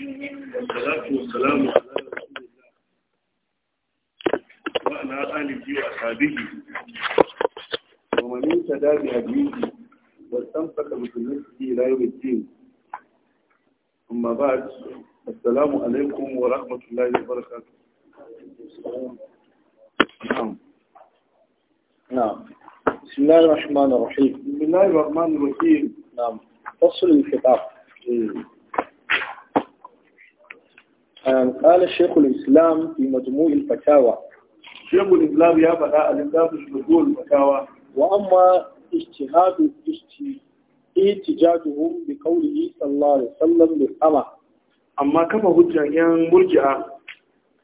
الرحيم والصلاة والسلام على رسول الله وعلى آله وأصحابه ومن اهتدى بهديه واستمسك بسنته إلى يوم الدين أما بعد السلام عليكم ورحمة الله وبركاته نعم نعم بسم الله الرحمن الرحيم بسم الله الرحمن الرحيم نعم فصل الخطاب قال الشيخ الإسلام في مجموع الفتاوى شيخ الإسلام يا بدأ الإسلام في مجموع الفتاوى وأما اجتهاد اجتهادهم بقوله صلى الله عليه وسلم للأمة أما كما هجا yan murji'a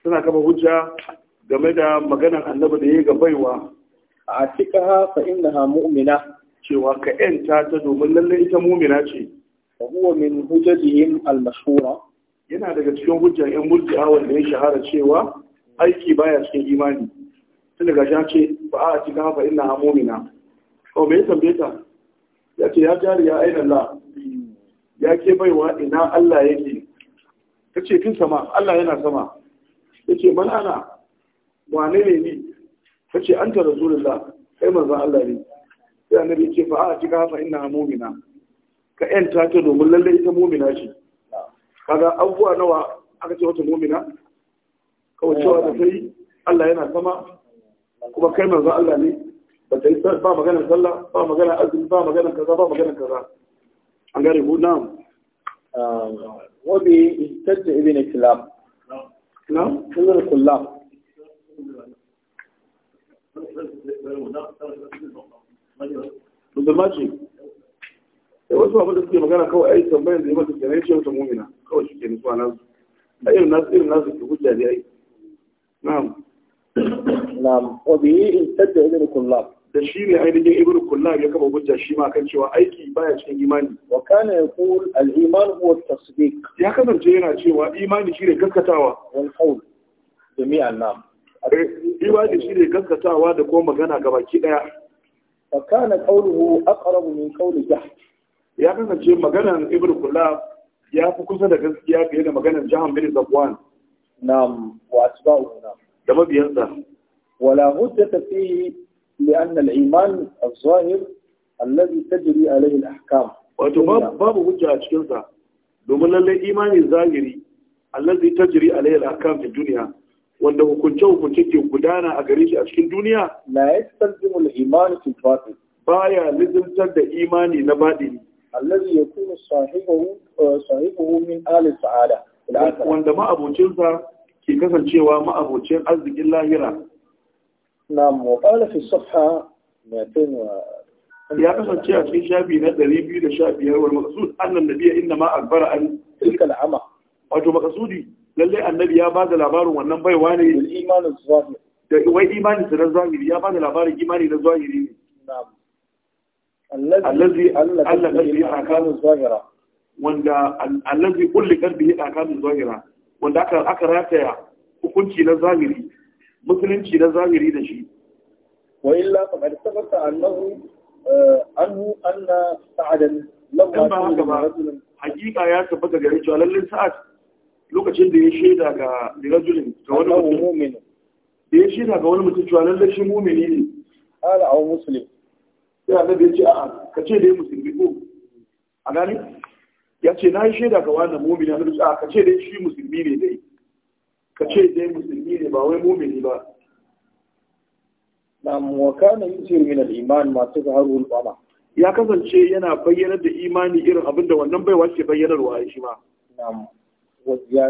suna kafa hujja game da maganar annabi da ya ga cewa ka ‘yanta ta domin lallai ita mumina ce. Abuwa huwa min hujjajihim al-mashhura yana daga cikin hujjar ‘yan murji'a wanda ya shahara cewa aiki baya cikin imani. Tun daga shi ce ba a cikin hafa ina a mumina. Kau me ya tambaye ta? Ya ce ya jari ya aina la. Ya ke baiwa ina Allah yake. Ka ce kin sama Allah yana sama. Ya ce mana ana wane ne ni? Ka ce an ta rasulullah kai manzan Allah ne. sai annabi ce fa a cika fa inna mu'mina ka yanta ta domin lalle ita mu'mina ce kaga abubuwa nawa aka ce wata mu'mina kawai cewa da kai Allah yana sama kuma kai manzo Allah ne ba ta yi ba magana sallah ba magana azumi ba magana kaza ba magana kaza an gane ku na'am um, wabi istajja ibn kilab na'am kullu kullab musulma ce da wasu abin da suke magana kawai ai tambayar da ya mata kenan ya ce mata mumina kawai shi ke nutsuwa su. a irin nasu irin nasu ke hujja ne ai na'am na'am wa bihi in tadda ibn kullab da shi ne ainihin ibn kullab ya kama hujja shi ma kan cewa aiki baya cikin imani wa kana yaqul al iman huwa tasdiq ya kasance yana cewa imani shi shine gaskatawa wal qawl jami'an na'am eh, imani ne gaskatawa da kuma magana gabaki daya fa kana qawluhu aqrab min qawli jahm ya kasance maganar ibnu kullab ya fi kusa da gaskiya fiye da maganar jahm bin zakwan na'am wa asba'u na'am da mabiyansa لأن الإيمان الظاهر الذي تجري عليه الأحكام wato babu hujja a cikinsa domin lallai imani zahiri allazi tajri alayhi al-ahkam wanda hukunce-hukunce ke gudana a gare shi a cikin duniya la yastalzimu al-iman fi batin baya lizimtar da imani na badini allazi ya sahibu sahibu uh, min ahli sa'ada wanda ma'abocinsa ke kasancewa ma'abocin arzikin lahira Na wa qala fi safha ya kasance a cikin shafi na ɗari biyu da sha biyar wal maqsud annan nabiyya inna ma akbara an tilka al-ama wato maqsudi lalle annabi ya ba da labarin wannan baiwa ne imanin zahiri da wai imanin sa na zahiri ya ba da labarin imani na zahiri ne allazi allazi allazi akamu zahira wanda allazi kulli zahira wanda aka aka rataya hukunci na zahiri musulunci na zahiri da shi wa illa faqad sabata annahu eh, annu anna sa'adan lamma kana rajulun hakika ya tabbata gare cewa lallin sa'ad lokacin da ya shaida ga lirajulin ga wani mutum da ya shaida ga wani mutum cewa lallai shi mumini ne ala aw muslim sai da ya ce a'a ka ce dai musulmi ko a gani ya ce na yi shaida ga wani mumini annabi ce ka ce dai shi musulmi ne dai ka ce dai musulmi ne ba wai mumini ba na muwakana yusiru min al-iman masu tazharu al-ulama ya kasance yana bayyanar da imani irin abinda wannan baiwa ke bayyanarwa shi ma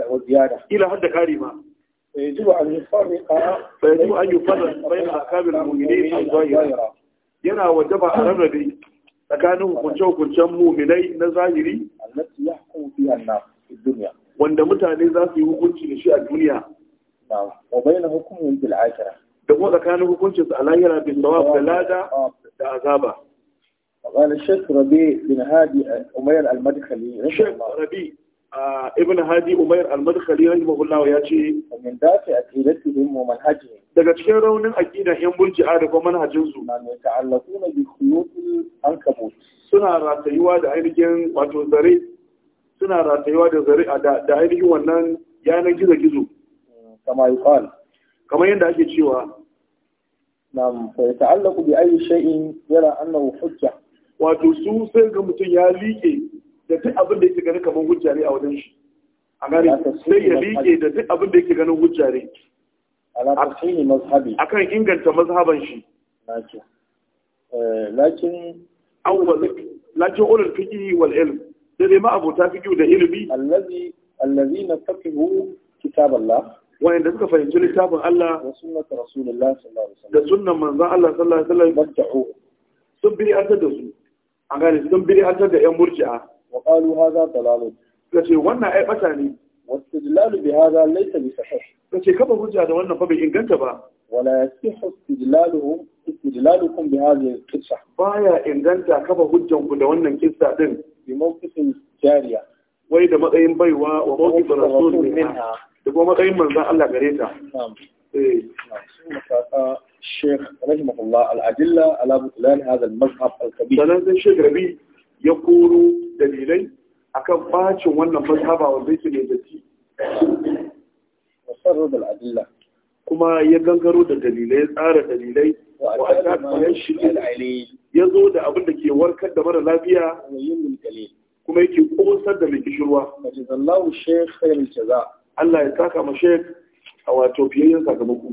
والزيادة إلى حد كارمة فيجب أن يفرق فيجب أن يفرق بين أحكام المؤمنين الظاهرة ينا وجب على النبي tsakanin hukunce-hukuncen muminai na zahiri wanda mutane za su yi hukunci da shi a duniya da kuma tsakanin hukuncin su a lahira bin sawab da lada da azaba وقال الشيخ ربيع بن هادي umayyar المدخلي رحمه ibn hadi umair al-madkhali rahimahullah ya ce min dafi aqidatihim wa manhajihim daga cikin raunin aqida yan burji'a da kuma manhajin su na ne ta'allaquna bi khuyutil ankabut suna ratayuwa da ainihin wato zare suna ratayuwa da zare da ainihin wannan yanar gizo gizo kama yuqal kamar yadda ake cewa nam fa ta'allaqu bi ayi shay'in yara annahu hujja wato su sai ga mutum ya liƙe da duk abin da yake gani kamar hujja ne a wajen shi a gane sai ya liƙe da duk abin da yake ganin hujja ne kan inganta mazhaban shi lakin eh, lakin ulul fiqh wal ilm sai dai ma abota fiqh da ilimi allazi allazina kitab Allah suka fahimci littafin Allah da sunnat rasulullah sallallahu alaihi wasallam da manzon Allah sallallahu alaihi wasallam sun biri da su a gane sun biri da yan murji'a wa qalu hadha dalal kace wannan ai واستدلال بهذا ليس بصحيح kace kafa hujja da wannan ba bai inganta ba wala yasihu istidlaluhum istidlalukum bi hadhihi al-qissa baya inganta kafa hujjan ku da wannan kissa din bi mawqifin jariya wai da matsayin baiwa wa mawqifin rasul minha da kuma matsayin manzon Allah gare eh Sheikh rahimahullah al-adilla ala butlan hadha ya koro dalilai akan bacin wannan mazhaba wa zai ne da ci kuma ya gangaro da dalilai tsara dalilai wa shi ya zo da abin da ke warkar da mara lafiya kuma yake kosar da mai kishirwa Allah ya saka ma shek a wato fiyayyen sakamako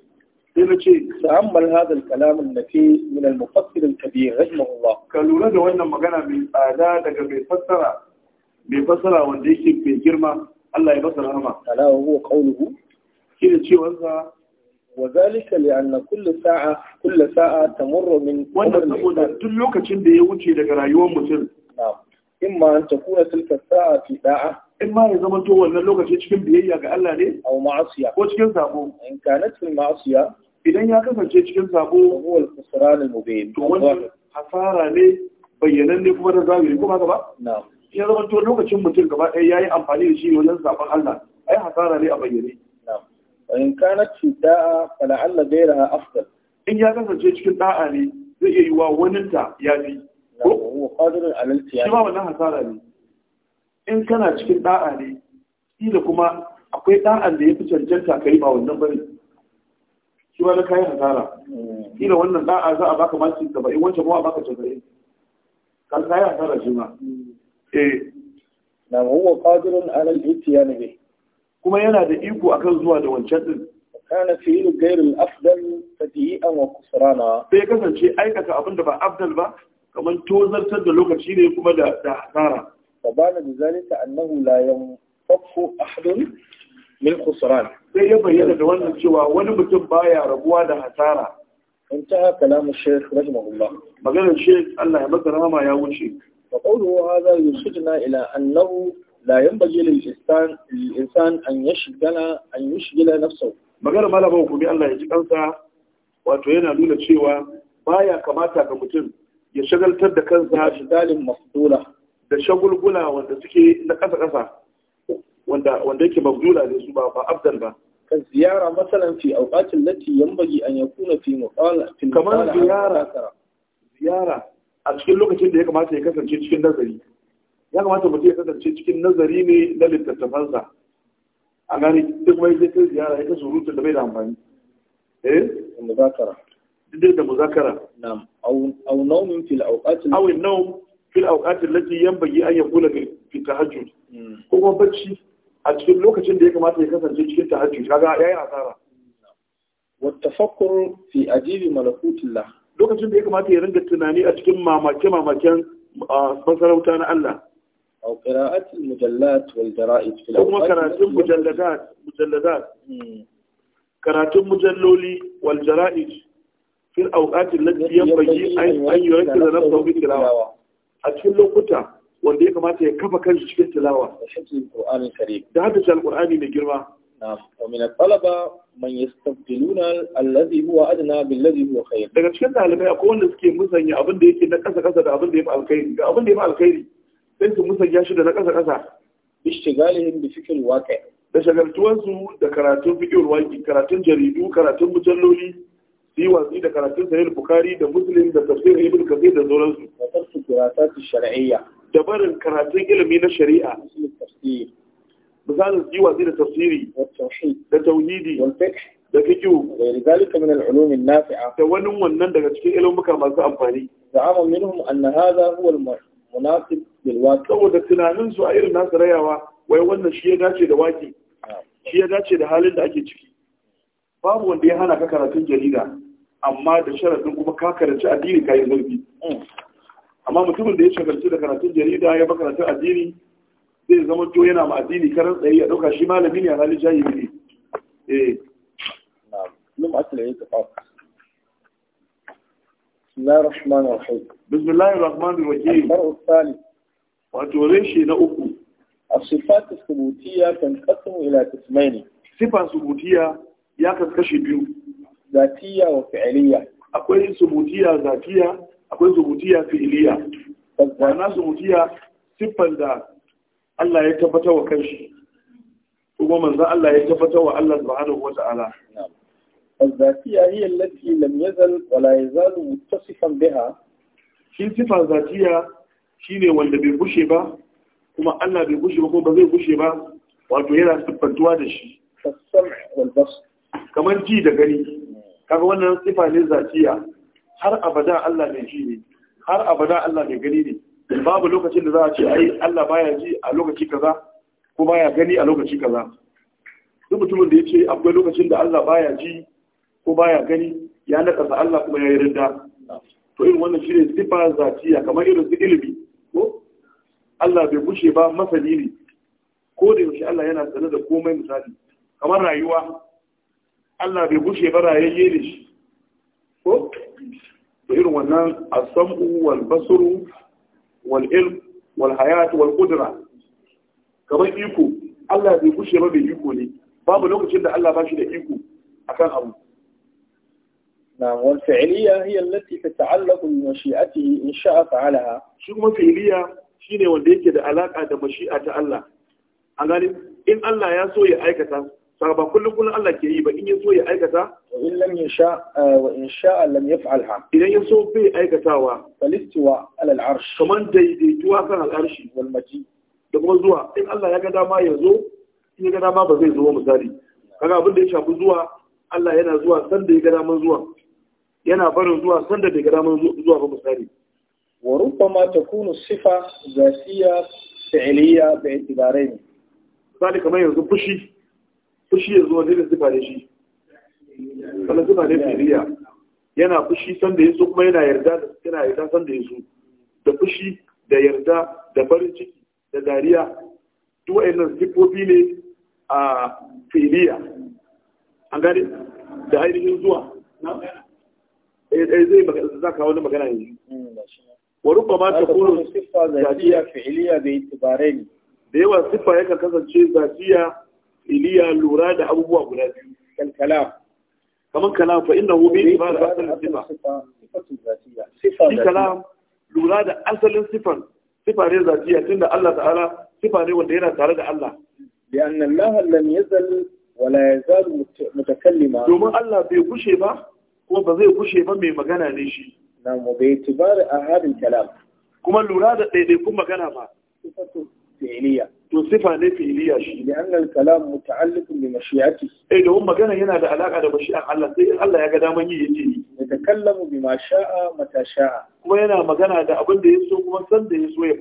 sai na ce ta'ammal hadal kalamin na fi min al-mufassir al-kabir rahimahullah ka lura da wannan magana mai tsada daga mai fassara mai fassara wanda yake mai girma Allah ya masa rahama ala huwa qawluhu kina cewar sa wa zalika li anna kullu sa'a kullu sa'a tamurru min wannan saboda duk lokacin da ya wuce daga rayuwar mutum na'am imma an takuna tilka sa'a fi da'a in ma ya zama to wannan lokaci cikin biyayya ga Allah ne aw ma'asiya ko cikin sabo in kanat fil ma'asiya idan ya kasance cikin sabo wal khusran mubin to wannan hasara ne ne kuma da zahiri kuma gaba na'am ya zama to lokacin mutum gaba ɗaya yayi amfani da shi wajen zaben Allah ai hasara ne a bayyane na'am wa in kana da'a fala alla ghayraha afdal in ya kasance cikin da'a ne zai iya yiwa wani ta yafi. fi ko wa qadirun ala al-tiyab kuma wannan hasara ne in kana cikin da'a ne kila kuma akwai da'an da ya fi cancanta kai ba wannan bane shi ba da kayan hasara kila wannan da'a za a baka maki 70 wancan ba a baka 90 kan kayan hasara shi ma eh na huwa qadirun ala al-ittiyan bi kuma yana da iko akan zuwa da wancan din kana fi'il ghayr al-afdal fadi'a wa kusrana sai kasance aikata abin da ba afdal ba kamar tozartar da lokaci ne kuma da hasara fa bana da zalika annahu la yanfafu ahadun min khusran sai ya bayyana da wannan cewa wani mutum baya rabuwa da hasara in ta kalamu shaykh rahimahullah maganar shaykh Allah ya baka rahama ya wuce fa qawluhu hadha yusidna ila annahu la yanbaghi lil insan lil insan an yashghala an yushghila nafsahu malamin ku bi Allah ya ji kansa wato yana nuna cewa baya kamata ga mutum ya shagaltar da kansa shigalin mafdula da shagulgula wanda suke na kasa kasa wanda wanda yake magdula ne su ba ba abdal ba kan ziyara masalan fi awqatin lati yanbaghi an yakuna fi muqala fi kamar ziyara ziyara a cikin lokacin da ya kamata ya kasance cikin nazari ya kamata mutum ya kasance cikin nazari ne na littattafansa a gani duk mai zai kai ziyara ya kasu rutun da bai da amfani eh muzakara duk da muzakara na'am aw naumin fil awqatin aw nawm fil awqatin lati yanbaghi an yakuna fi tahajjud hmm. kuma bacci a cikin lokacin da ya kamata ya kasance cikin tahajjud kaga yi asara fi ajibi malakutillah lokacin da ya kamata ya ringa tunani a cikin mamake mamaken masarauta na Allah قراءة المجلات والجرائد في الأوقات كراتب مجلدات مجلدات كراتب مجلولي والجرائد في الأوقات التي ينبغي أن يركز نفسه wanda ya kamata ya kafa kanshi cikin tilawa da shi alqur'ani mai girma Na ومن الطلبة من يستبدلون الذي هو أدنى بالذي هو خير daga cikin dalibai akwai wanda suke musanya abinda yake na ƙasa-ƙasa da abinda ya fi alkhairi ga abinda ya fi alkhairi sai su musanya shi da na ƙasa-ƙasa. kasa kasa ishtigalihim bi fikr waqi da shagaltuwan da karatun fikr waqi karatun jaridu karatun mujalloli su yi watsi da karatun sahih bukhari da muslim da tafsir ibn kathir da sauransu da tafsir qira'at shar'iyya da barin karatun ilimi na shari'a misalin yi watsi da tafsiri da tauhidi da fikihu da wani wannan daga cikin ilmuka masu amfani za'ama minhum anna hadha huwa al-munasib bil waqi saboda tunanin su a irin nasu rayawa wai wannan shi ya dace da waki shi ya dace da halin da ake ciki babu wanda ya hana ka karatun jarida amma da sharadin kuma ka karanci addini kayan zargi mm. amma mutumin da ya shagalci da karatun jarida ya ba karatun addini zai zama to yana ma addini karan tsaye ya dauka shi malami ne a halin jahili ne eh na'am asali ya tafa Bismillahir Rahmanir Rahim Bismillahir Rahmanir Rahim Al-Far'u Thani wato reshe na uku as-sifat as kan tanqasimu ila qismayn sifa subutiyya ya kaskashe biyu zatiyya wa fi'liyya akwai subutiyya zatiyya akwai zubutiya fi'iliya na zubutiya siffan da Allah ya tabbata wa kanshi kuma manzan Allah ya tabbata wa Allah subhanahu wata'ala الذاتية هي التي لم يزل ولا يزال متصفا بها shi sifa zatiya shine wanda bai gushe ba kuma Allah bai gushe ba kuma ba zai gushe ba wato yana siffantuwa da shi kamar ji da gani kaga wannan sifa ne zatiya har abada Allah mai ji ne har abada Allah mai gani ne babu lokacin da za a ce ai Allah baya ji a lokaci kaza ko baya gani a lokaci kaza duk mutumin da ya ce akwai lokacin da Allah baya ji ko baya gani ya nakasa Allah kuma ya yi rinda to irin wannan shi ne sifa zatiya kamar irin su ilimi ko Allah bai bushe ba masani ne ko da yaushe Allah yana sanar da komai misali kamar rayuwa Allah bai bushe ba rayayye ne shi da irin wannan asam'u wal basru wal ilm wal hayat wal qudra kamar iko Allah bai kushe ba bai iko ne babu lokacin da Allah ba shi da iko akan abu نعم والفعلية هي التي تتعلق بمشيئته إن شاء فعلها شو ما فعلية شيني ونديك da alaƙa da mashi'a ta Allah a ganin in Allah ya so ya aikata saka ba kullum kullum Allah ke yi ba in ya so ya aikata in lam yasha eh, wa in sha lam yaf'alha idan ya so bai aikatawa falistiwa ala al'arsh kaman daidaituwa kan al'arshi wal maji da kuma zuwa in Allah ya ga dama ya zo in ya ga dama ba zai zo misali kaga abin da ya shafi zuwa Allah yana zuwa sanda ya ga dama zuwa yana barin zuwa sanda ya ga dama zuwa ba misali wa rubbama takunu sifa zatiya fi'liya bi itibarain misali kamar yanzu fushi fushi ya zo wani da zuba da shi wani zuba ne filiya yana fushi sanda ya so kuma yana yarda da yana yarda sanda ya so da fushi da yarda da farin ciki da dariya duk yana siffofi ne a filiya an gani da ainihin zuwa eh, eh zai za ka wani magana yanzu hmm, wa rubama ta kunu fi'iliya da yi bi ne da yawa siffa yakan kasance zafiya. iliya lura da abubuwa guda biyu kalkala kamar kalam fa innahu bi ibada asalin sifa sifatu kalam lura da asalin sifan sifa ne zatiya tunda Allah ta'ala sifa ne wanda yana tare da Allah لأن الله لم يزل ولا يزال متكلما دوما الله بي غشي با kuma ba zai gushe ba mai magana ne shi na mu bai tibar a hadin kalam kuma lura da ɗaiɗaikun magana ba fi'iliya to sifa ne fi'iliya shi ne annal kalam muta'alliqun bi mashi'ati eh da magana yana da alaka da mashi'an Allah sai in Allah ya ga daman yi yace ni yatakallamu bima sha'a mata sha'a kuma yana magana da abin da yaso kuma san da yaso ya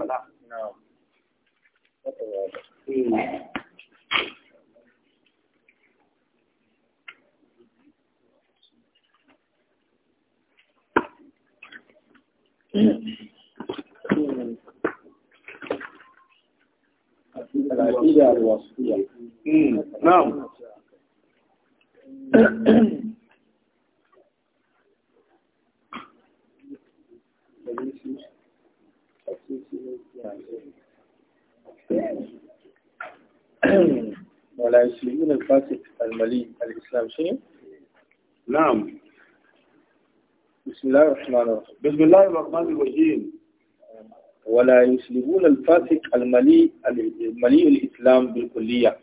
faɗa العقيدة الوصفية نعم ولا يسلمون الفاسق الملي الإسلام شيء نعم بسم الله الرحمن الرحيم بسم الله الرحمن الرحيم ولا يسلمون الفاسق الملي الملي الاسلام بالكليه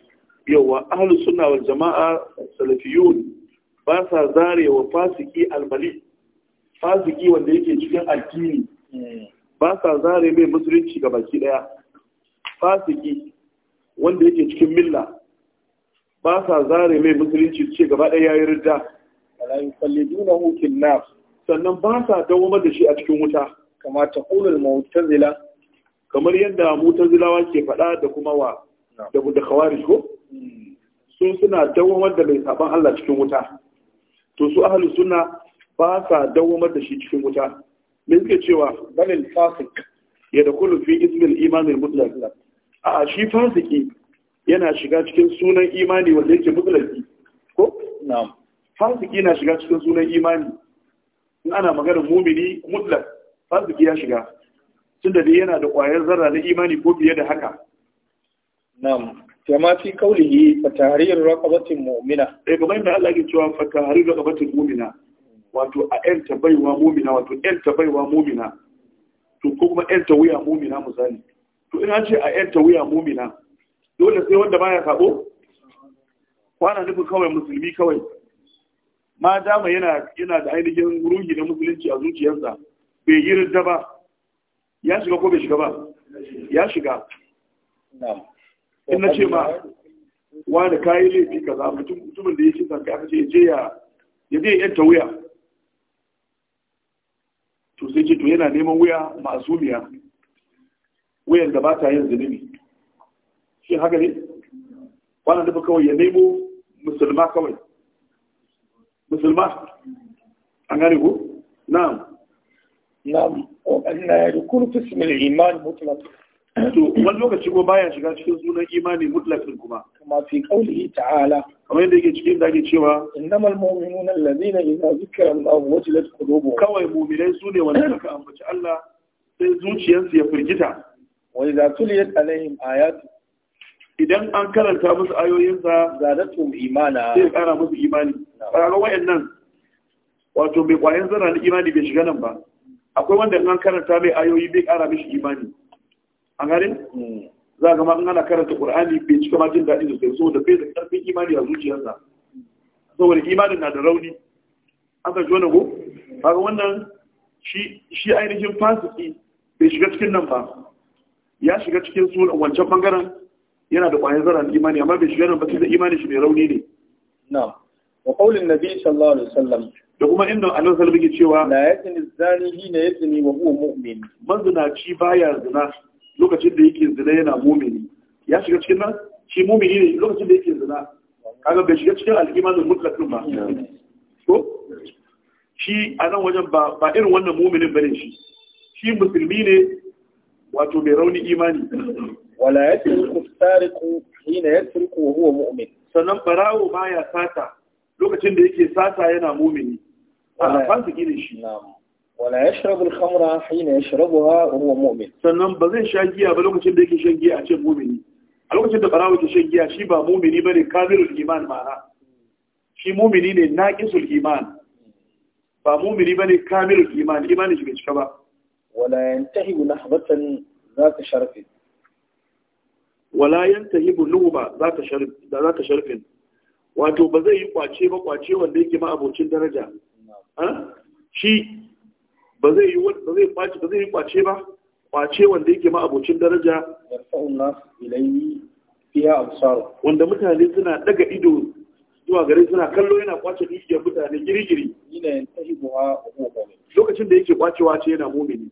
اهل islam والجماعه السلفيون باسا ahlu sunna الملي jama'a salafiyun ba sa zarewa fasiki cikin addini ba sa zare mai musulunci ga baki daya fasiki wanda yake cikin milla ba sa zare mai musulunci ce gaba daya yayi ridda wala yusallidunahu fil sannan ba sa dawo da shi a cikin wuta kama ta ƙulul mutazila kamar yadda mutazilawa ke faɗa da kuma wa da da kawari ko Sun suna dawamar da mai saban Allah cikin wuta to su ahlus suna ba sa dawamar da shi cikin wuta me suke cewa balil fasik ya da kullum fi ismil imanin al mutlaq a shi fasiki yana shiga cikin sunan imani wanda yake mutlaqi ko fasiki na shiga cikin sunan imani in ana maganar mumini mutlak fasiki ya shiga tunda dai yana da ƙwayar zarra na imani ko fiye da haka na'am kama kauli yi fa tahrir raqabatin mu'mina eh kamar da Allah ke cewa fa tahrir raqabatin mu'mina wato a ɗan tabaiwa mu'mina wato ɗan tabaiwa mu'mina to ko kuma ɗan tawiya mu'mina misali to ina ce a ɗan tawiya mu'mina dole sai wanda baya sabo kwana nufin kawai musulmi kawai ma dama yana da ainihin ruhi na musulunci a zuciyarsa bai yi rinta ba ya shiga ko bai shiga ba ya shiga in na ce ma wani kayi laifi kaza mutumin da ya ce zanka ya ce je ya ya je yanta wuya to sai ce to yana neman wuya masumiya wuyan da ba ta yin zunubi shi haka ne wannan dafa kawai ya nemo musulma kawai musulma an gane ko na'am na'am na rukun fismil iman mutlaq to wani lokaci ko baya shiga cikin sunan imani mutlaqin kuma kama fi qawlihi ta'ala kamar yadda yake cikin da cewa innamal mu'minuna allazina idza zukira Allah wajilat qulubuhum kawai mu'minai sune wanda suka ambaci Allah sai zuciyarsu ya firgita wa idza tuliyat alaihim ayatu idan an karanta musu ayoyinsa zadatu imana sai kara musu imani kaga wayannan wato mai kwayan zara na imani bai shiga nan ba akwai wanda an karanta mai ayoyi bai kara mishi imani A garin za ga ma in ana karanta qur'ani bai cika ma jin daɗi so saboda bai da karfin imani a zuciyarsa saboda imanin na da rauni an ka jona go Haka wannan shi shi ainihin fasiki bai shiga cikin nan ba ya shiga cikin sura wancan bangaren yana da ƙwayar zaran imani amma bai shiga nan ba sai da imani shi mai rauni ne na wa qaulin nabi sallallahu alaihi wasallam da kuma inda Allah muke alaihi cewa la yazni zani ya yazni wa huwa mu'min ci baya zina lokacin da yake zina yana mu'mini ya shiga cikin nan shi mu'mini ne lokacin da yake zina kaga bai shiga cikin da mutlaqin ba to shi a nan wajen ba irin wannan mu'minin bane shi shi musulmi ne wato mai rauni imani wala yasriqu sariqu hina yasriqu wa huwa mu'min sannan barawo baya sata lokacin da yake sata yana mumini wannan su ne shi wala yashrabu al-khamra ya yashrabuha wa huwa mu'min sannan ba zai sha giya ba lokacin da yake shan giya a cikin mu'mini a lokacin da barawa ke shan giya shi ba mu'mini ne kafirul iman ma'ana shi mu'mini ne naqisul iman ba mu'mini ne kamilul iman imani shi bai cika ba wala yantahi nahbatan ka sharfi wala yantahi nuba zaka sharfi za ka sharfin wato ba zai yi kwace ba kwace wanda yake ma abocin daraja shi ba zai yi ba zai kwace ba zai yi kwace ba kwace wanda yake ma abocin daraja wanda mutane suna daga ido zuwa gare suna kallo yana kwace dukiyar mutane girgiri lokacin da yake kwacewa ce yana mumini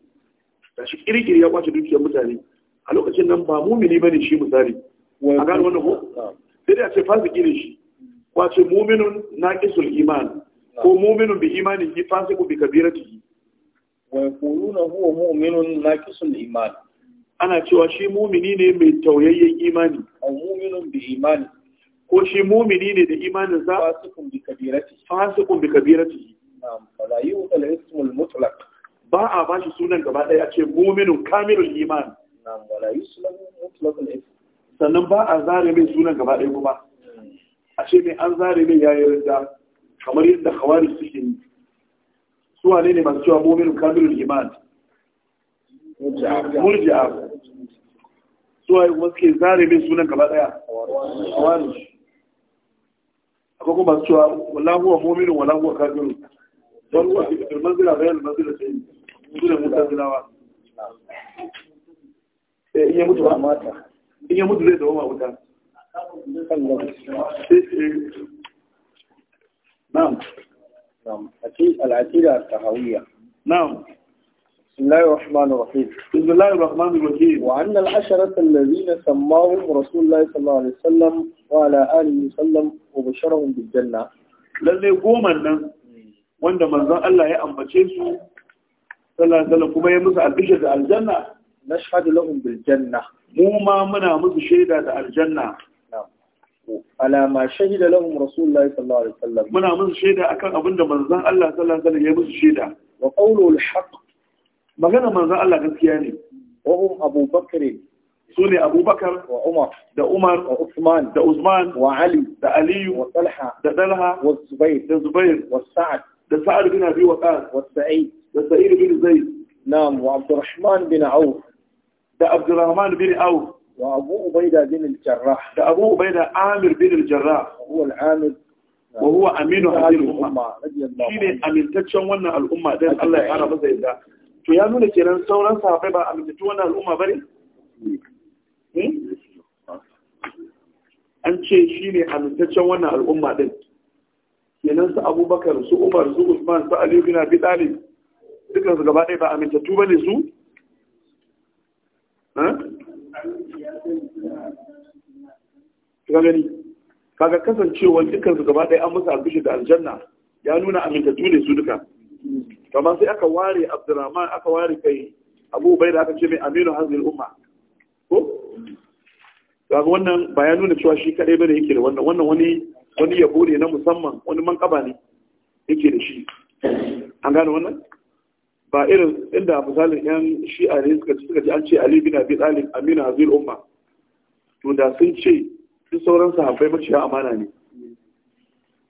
gashi girgiri ya kwace dukiyar mutane a lokacin nan ba mumini bane shi misali a gano wannan ko sai da ce fasa ne shi kwace muminin kisul iman ko mu'minun bi imanin hi fasiku bi kabiratihi wa yaquluna huwa mu'minun naqisul iman ana cewa shi mumini ne mai tauyayyen imani aw mu'minun bi iman. ko shi mumini ne da imanin sa fasikun bi kabiratihi fasikun bi kabiratihi na'am fala yuqal ismul mutlaq ba a ba shi sunan gaba ɗaya a ce muminun kamilul iman sannan ba a zare mai sunan gaba ɗaya kuma a ce mai an zare mai yayin da? kamar yadda khawarij suke yi su wane ne masu cewa mu'minu kamilul iman murji'a su wane kuma suke zare min sunan gaba daya khawarij akwai kuma masu cewa wala huwa mu'minu wala huwa kafirun don huwa fil manzila bayan manzila ce su ne mutazilawa eh, in ya mutu ba mata in ya mutu zai dawo ma نعم نعم العتيدة التهوية نعم بسم الله الرحمن الرحيم بسم الله الرحمن الرحيم وأن العشرة الذين سماهم رسول الله صلى الله عليه وسلم وعلى آله وسلم وبشرهم بالجنة lalle goman nan wanda manzon Allah ya ambace su sallallahu kuma ya musu albishir da aljanna nashhadu lahum bil janna mu ma muna musu shaida da aljanna ala ma shahida lahum rasulullahi sallallahu alaihi wasallam muna musu shaida akan abinda manzon Allah sallallahu alaihi wasallam ya musu shaida wa qawlu al-haq magana manzon Allah gaskiya ne wa hum Abu Bakr sune Abu Bakar wa Umar da Umar wa Uthman da Uthman wa Ali da Ali wa Talha da Talha wa Zubair da Zubair wa Sa'ad da Sa'ad bin Abi Waqqas wa Sa'id da Sa'id bin Zaid na'am wa Abdurrahman bin Auf da Abdurrahman bin Auf wa abu ubaida bin al-jarrah da abu ubaida amir bin al-jarrah huwa al-amir wa huwa aminu hadhihi al shine amintaccen wannan al'umma din Allah ya fara masa yadda to ya nuna kenan sauran sahabbai ba amintattu wannan al'umma bane hmm? an ce shine amintaccen wannan al'umma din kenan su Abubakar su Umar su Usman su Ali bin Abi Talib dukkan su gaba ɗaya ba amintattu bane su ka gani kaga kasancewa dukkan su gaba ɗaya an musu albishi da aljanna ya nuna amintattu ne su duka kamar sai aka ware abdurrahman aka ware kai abu bai da aka ce mai aminu hazin umma ko ga wannan ba ya nuna cewa shi kaɗai bane yake da wannan wannan wani wani yabo ne na musamman wani mankaba ne yake da shi an gane wannan ba irin inda misalin yan shi'a ne suka ce ji an ce ali bin abi talib aminu hazin umma to da sun ce duk sauran sahabbai maciya amana ne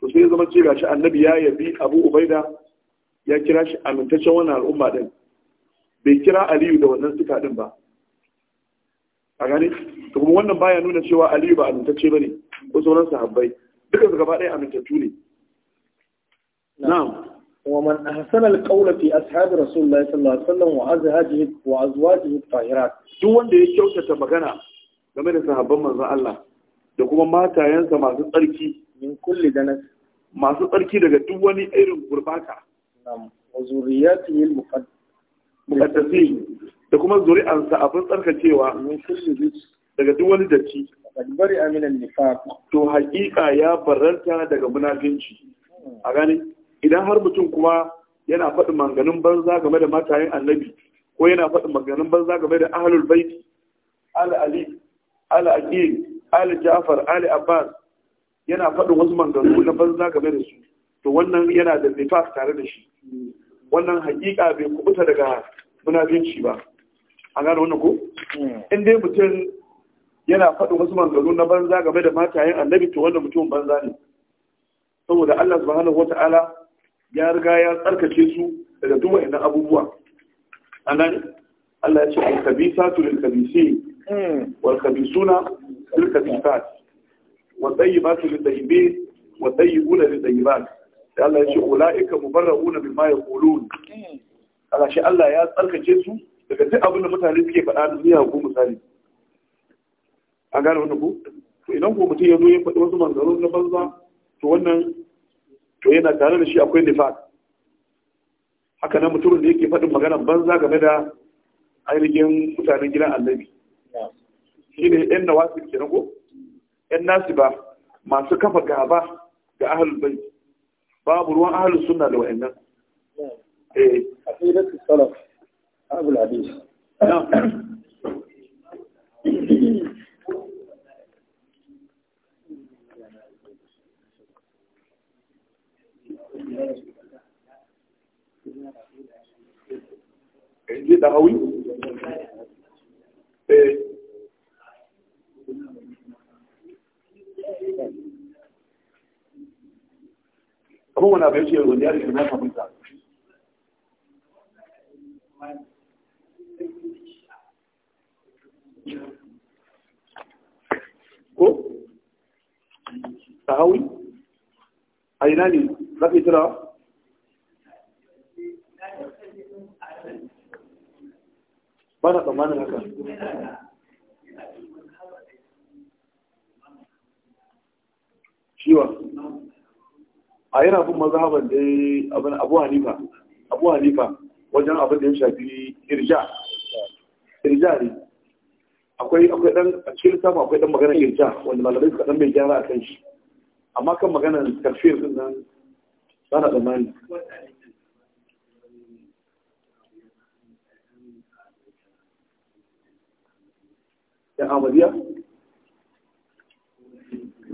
to sai ya zama ce gashi annabi ya yabi abu ubaida ya kira shi amintaccen wannan al'umma din bai kira aliyu da wannan suka din ba a gani to kuma wannan baya nuna cewa aliyu ba amintacce bane ko sauran sahabbai duka su gaba ɗaya amintattu ne na'am man ahsana alqawla fi ashab رسول sallallahu alaihi wasallam wa وسلم wa azwajihi tahirat duk wanda ya kyautata magana game da sahabban manzon Allah da kuma matayensa masu tsarki min kulli ganas masu tsarki daga duk wani irin gurbata wa zuriyatihi muqaddasin da kuma zuri'ansa abin tsarkakewa min kulli daga duk wani datti bari aminan nifaq to haƙiƙa ya barranta daga munafinci hmm. a gani idan har mutum kuma yana faɗi manganin banza game da matayen annabi ko yana faɗi manganin banza game da ahlul bait al ali al aqil ali jafar ali abbas yana faɗin wasu mangaru na banza game da su to wannan yana da nifas tare da shi wannan hakika bai kubuta daga munafinci ba an gane wannan ko in dai mutum yana faɗin wasu mangaru na banza game da matayen annabi to wannan mutum banza ne saboda Allah subhanahu wata'ala ya riga ya tsarkace su daga duk abubuwa an gane Allah ya ce al-khabisatu lil-khabisin والخبيثون للخبيثات والطيبات للطيبين والطيبون للطيبات Allah ya ce مبرؤون بما يقولون yaqulun Allah shi Allah ya tsarkake daga duk abin da mutane suke faɗa da niyya ko misali A gane wannan ku to idan ko mutum ya zo ya faɗi wasu manzaro na banza to wannan to yana tare da shi akwai nifaq haka nan mutumin da yake faɗin maganar banza game da ainihin mutanen gidan annabi shine yan nawasib kenan ko yan nasiba masu kafa gaba ga ahlul bai babu ruwan ahlus sunna da wa'annan eh aqidatu salaf abul hadith Inji Eh. kowane abu ya ce wanda ya rike na kafin sa ko sahawi a ina ne za ka ba na tsammanin haka ciwon a yana bin mazhaban da abin abu hanifa abu hanifa wajen abin da ya shafi irja irja ne akwai akwai dan a cikin sama akwai dan magana irja wanda malamai suka dan bai gyara a kan shi amma kan magana tafsir din nan ba na tsammani yan amadiya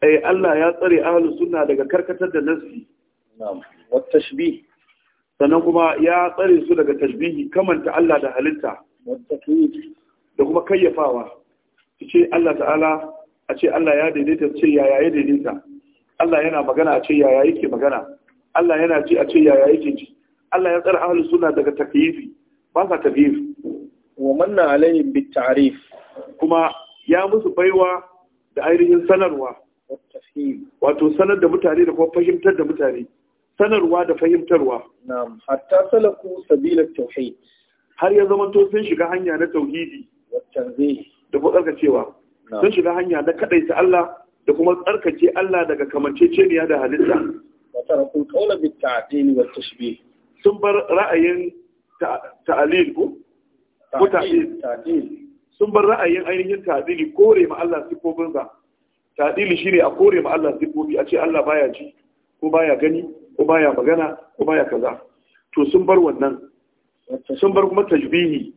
ay eh, Allah ya tsare ahlus sunna daga karkatar da nassi na'am wa tashbih sannan kuma ya tsare su daga tashbihi kamanta Allah da halitta da kuma kayyafawa ce Allah ta'ala a ce Allah ya daidaita ce yaya ya daidaita Allah yana magana a ce yaya yake magana Allah yana ji a ce yaya yake ji Allah ya tsara ahlus sunna daga takyifi ba sa takyif wa manna alaihim bit ta'rif kuma ya musu baiwa da ainihin sanarwa wato sanar da mutane da kuma fahimtar da mutane sanarwa da fahimtarwa na'am hatta salaku sabila tauhid har ya zama to sun shiga hanya na tauhidi da kuma tsarkacewa sun shiga hanya na kadaita Allah da kuma tsarkace Allah daga kamanceceniya da halitta sun bar ra'ayin ta'alil ko ko sun bar ra'ayin ainihin ta'dili kore ma Allah sifofinsa ta'dili shine a kore ma Allah sifofi a ce Allah baya ji ko baya gani ko baya magana ko baya kaza to sun bar wannan sun bar kuma tajbihi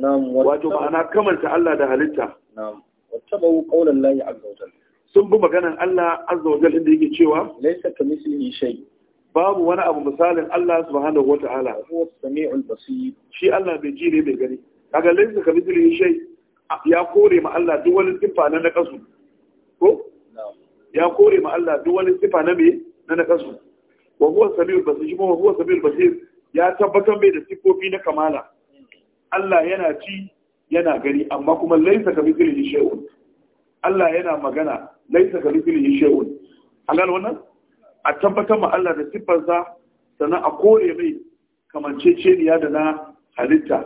na'am wato ma'ana kamanta Allah da halitta na'am wattabu qawlan lahi azza sun bi maganan Allah azza wa jalla inda yake cewa laysa kamithlihi shay babu wani abu misalin Allah subhanahu wa ta'ala huwa as-sami'ul basir shi Allah bai ji ne bai gani kaga laysa kamithlihi shay ya kore ma Allah duk wani sifa na kasu ko ya kore ma Allah duk wani sifa na me na nakasu wa huwa samiul basir kuma wa huwa samiul basir ya tabbatar mai da sifofi na kamala Allah yana ci yana gani amma kuma laisa ka mithlihi shay'un Allah yana magana laisa ka mithlihi shay'un an gano wannan a tabbatar ma Allah da siffarsa sannan a kore mai kamanceceniya da na halitta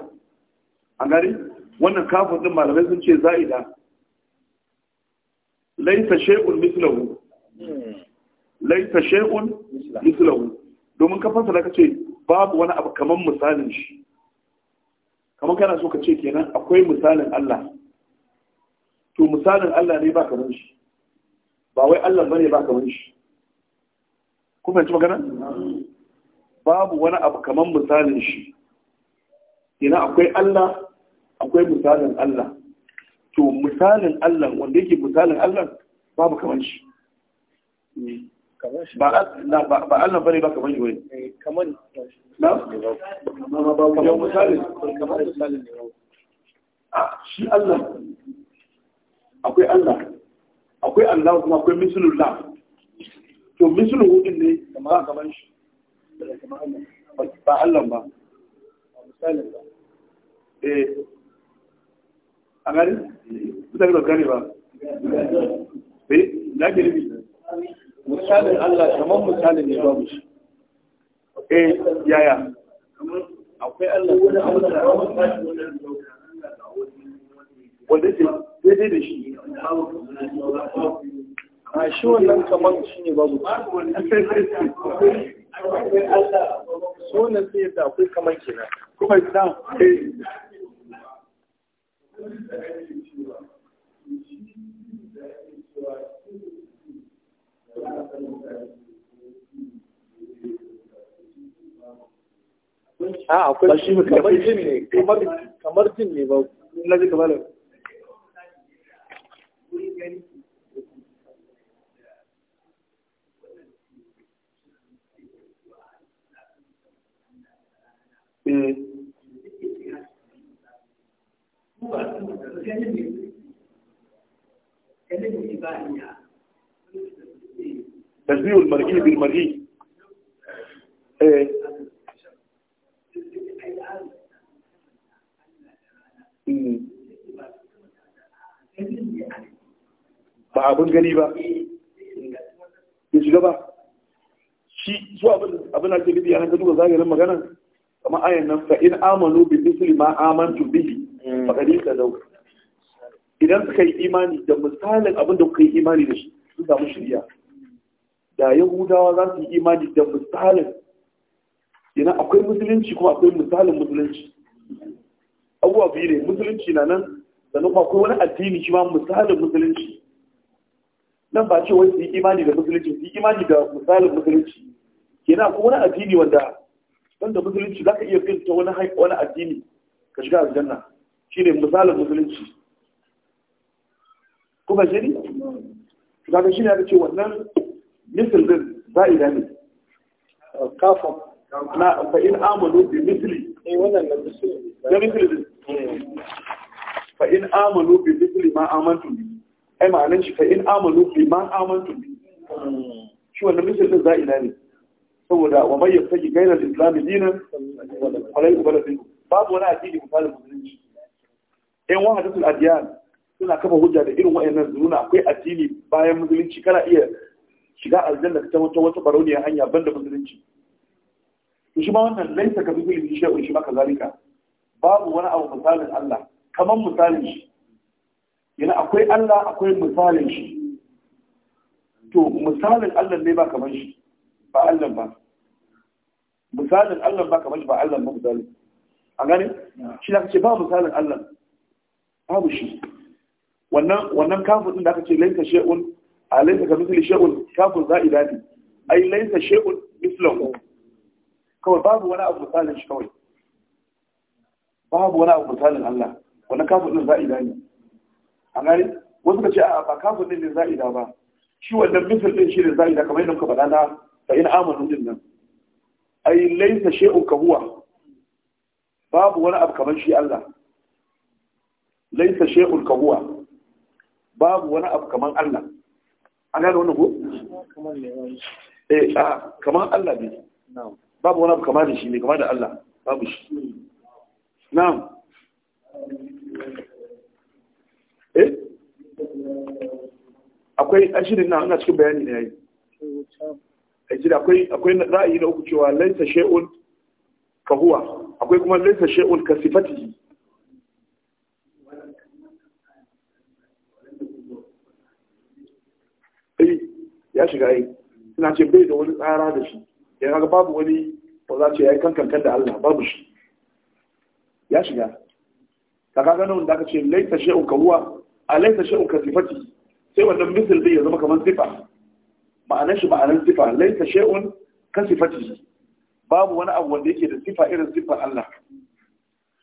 an gani wannan kafin din malamai sun ce za'ida laisa shay'un mislahu laisa shay'un mislahu domin ka fasara kace babu wani abu kaman misalin shi kaman kana so ka ce kenan akwai misalin Allah to misalin Allah ne ba kaman shi ba wai Allah bane ba kaman shi ku fahimci magana babu wani abu kaman misalin shi kenan akwai Allah akwai misalin Allah to misalin Allah wanda yake misalin Allah babu kaman shi ba Allah bane ba kaman shi wani eh, kaman na yau misalin shi Allah akwai Allah akwai Allah kuma akwai misalullah to misalin hudun ne ba kaman shi ba Allah ba misalin ba eh a gani mutane ba gane ba eh na bi. nufi misalin Allah kamar misalin ne babu shi eh yaya akwai Allah wanda ke daidai da shi a shi wannan kamar shi ne babu shi. Akwai so na sai da akwai kamar kenan kuma ta abin ah, da akwai kamar jin ne kamar jin ne ba na ji kamar eh. 不管是我的跟着你，跟着你吧，你啊。تشبيه المرئي بالمرئي ايه ba eh. hmm. abin gani ba ya shiga ba shi zuwa abin da ke bibi yana ga duka magana kamar ayan nan fa in amanu bi misli ma amantu bihi faɗari da zau idan suka yi imani da misalin abin da kuka yi imani da shi sun samu shirya da yahudawa za su yi imani da misalin yana akwai musulunci kuma akwai misalin musulunci abuwa biyu ne musulunci na nan sannan kuma akwai wani addini shi ma misalin musulunci nan ba ce wai su yi imani da musulunci su yi imani da misalin musulunci yana akwai wani addini wanda wanda musulunci za ka iya bin ta wani addini ka shiga aljanna shi ne misalin musulunci kuma shi ne zaka shi ne aka ce wannan misil din za'ida ne kafin na fa'in amalu bi misli ya eh, misli din fa'in amalu bi misli ma amantu bi ai ma'anin shi fa'in amalu bi ma amantu bi shi wannan misil din za'ida ne saboda wa mai gaina gairar islamu, dinan falai ubala babu wani addini misalin musulunci yan wahadatul adiyan suna kafa hujja da irin wayannan nuna akwai addini bayan musulunci kana iya shiga aljanna ta wata wata barauniyar hanya banda musulunci to shi ma wannan laisa ka bihi shay'un shi maka kazalika babu wani abu misalin Allah kamar misalin shi yana akwai Allah akwai misalin shi to misalin Allah ne ba kaman shi ba Allah ba misalin Allah ba kamar shi ba Allah ba misalin a gane shi da ce ba misalin Allah babu shi wannan wannan kafin din da aka ce laisa shay'un a laisa ka misali shay'un kafin za'ida ne ai laisa shay'un mislahu kawai babu wani abu misalin shi kawai babu wani abu misalin Allah wannan kafin din za'ida ne a gari wasu ka ce a ba kafin din ne za'ida ba shi wannan misal din shi ne za'ida kamar yadda muka faɗa na fa in amanu din nan ai laisa shay'un ka huwa babu wani abu kamar shi Allah laisa shay'un kabuwa babu wani abu kaman Allah an gane wannan ko eh a kaman Allah ne babu wani abu kama da shi ne kama da Allah babu shi na'am eh akwai ashirin na ana cikin bayani ne yayi ajira akwai akwai ra'ayi na uku cewa laisa shay'un ka akwai kuma laisa shay'un kasifatihi ya shiga ai ina ce bai da wani tsara da shi ya kaga babu wani ba za ce ya yi kankan da Allah babu shi ya shiga ka kaga nan da aka ce laita shay'un ka huwa a laita shay'un ka sifati sai wannan misal zai ya zama kamar sifa ma'anar shi ma'anar sifa laita shay'un ka sifati babu wani abu wanda yake da sifa irin sifa Allah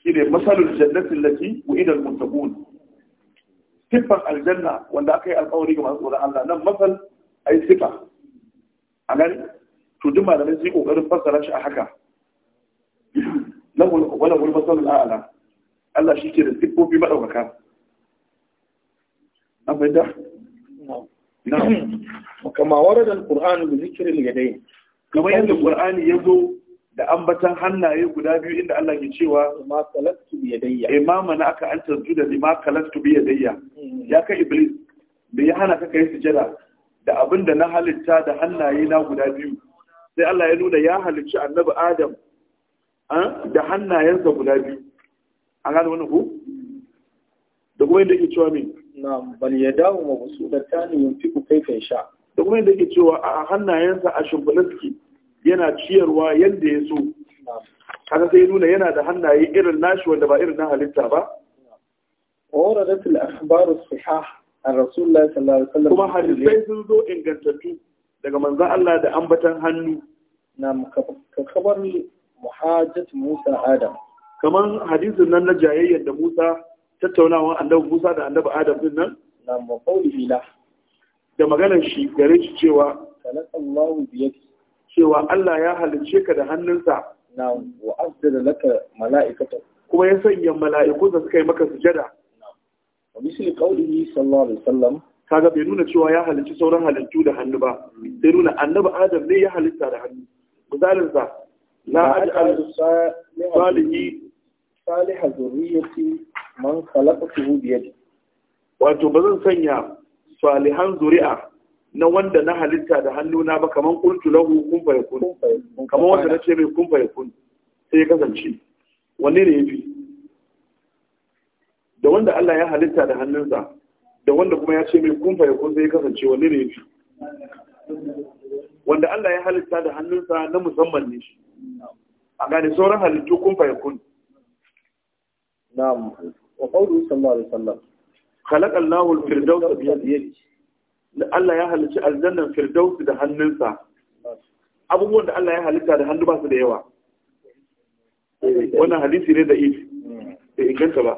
shi ne masalul jannatin lati wa idal muttaqun sifan aljanna wanda aka yi alƙawari ga masu tsoron Allah nan masal ai sifa a nan to duk malamai su yi kokarin fassara shi a haka wala wani masalul a'ala Allah shi ke da siffofi maɗaukaka an fahimta na kama da al-qur'an bi zikri al kamar yadda qur'ani ya zo da ambatan hannaye guda biyu inda Allah ke cewa ma kalastu bi yadayya imama na aka an tarjuda ma kalastu bi yadayya ya kai iblis bai hana ka kai sujada da abin da na halitta da hannaye na guda biyu sai Allah ya nuna ya halicci annabi Adam da hannayensa guda biyu an gane wani ku? da kuma yadda ke cewa mai na bal ya dawo ma wasu da tani yin fiku kaifin sha da kuma yadda ke cewa a hannayensa a shimfilaski yana ciyarwa yadda ya so kada sai ya nuna yana da hannaye irin nashi wanda ba irin na halitta ba wa waradat al-akhbar as Rasulullahi sallallahu alaihi wasallam kuma hadisai sun zo ingantattu daga manzon Allah da ambatan hannu na kabar muhajjat Musa Adam kaman hadisin nan na jayayyar da Musa tattaunawa annabi Musa da annabi Adam din nan na maqawli la da maganar shi gare shi cewa sallallahu biyaki cewa Allah ya halice ka da hannunsa na wa'azzara laka mala'ikata kuma ya sanya mala'iku da suka yi maka sujada wa misli qawlihi sallallahu alaihi wasallam kaga bai nuna cewa ya halicci sauran halittu da hannu ba sai nuna annabi adam ne ya halitta da hannu misalin sa la aj'al salihi salih zurriyati man khalaqtuhu bi yadi wato bazan sanya salihan zuri'a na wanda na halitta da hannuna ba kaman qultu lahu kun fayakun kaman wanda na ce mai kun fayakun sai ya kasance wanne ne yafi da wanda Allah ya halitta da hannunsa da wanda kuma ya ce mai kun ya kunsa ya kasance wani ne shi wanda Allah ya halitta da hannunsa na musamman ne shi a gane sauran halittu kun fa yakun na'am wa qawlu sallallahu alaihi wasallam khalaqa Allahu al-firdaws bi yadihi Allah ya halicci aljannan firdaus da hannunsa abubuwan da Allah ya halitta da hannu ba su da yawa wannan hadisi ne da ifi hmm. bai inganta ba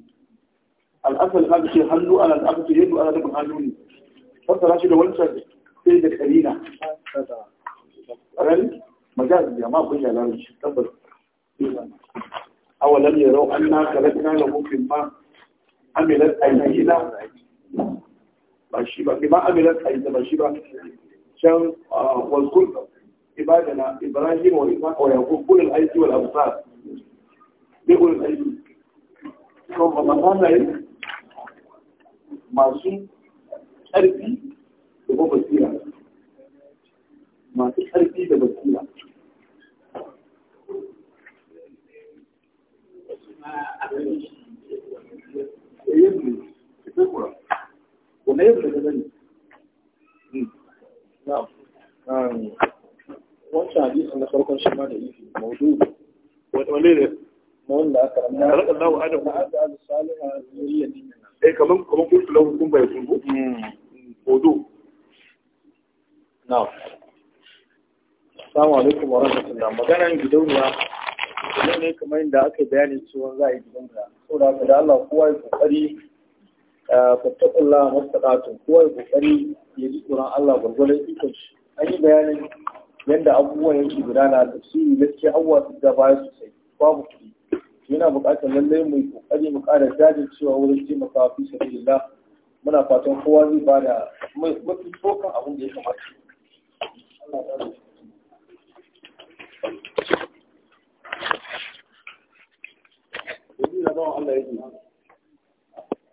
al'asal ka ce hannu ala al'akatu yadda ala daban hannu ne fassara shi da wancan sai da karina ran majaz da ma kun yalan shi tabbas awalan na anna kalakna lahu mimma amilat aydina ba shi ba Ima amilat aydina ba shi ba can wazkur ibadana ibrahim wa isa wa yaqub kullu al-ayti wal absar bi kullu al-ayti ba ma kana masu ƙarfi maganan gidauniya ne ne kamar yadda aka bayani cewa za a yi gidauniya da ka da Allah kowa ya kokari eh, fattakullah mastata'atun kowa ya kokari ya ji tsoron Allah gwargwaron ikon shi an yi bayanin yadda abubuwan yake gudana da su yi gaskiya abubuwa su da baya sosai babu kuɗi yana buƙatar lallai mu yi kokari mu ƙara cewa wurin taimakawa fi sabilillah muna fatan kowa zai ba da mafi tsokan abin da ya kamata. Allah ya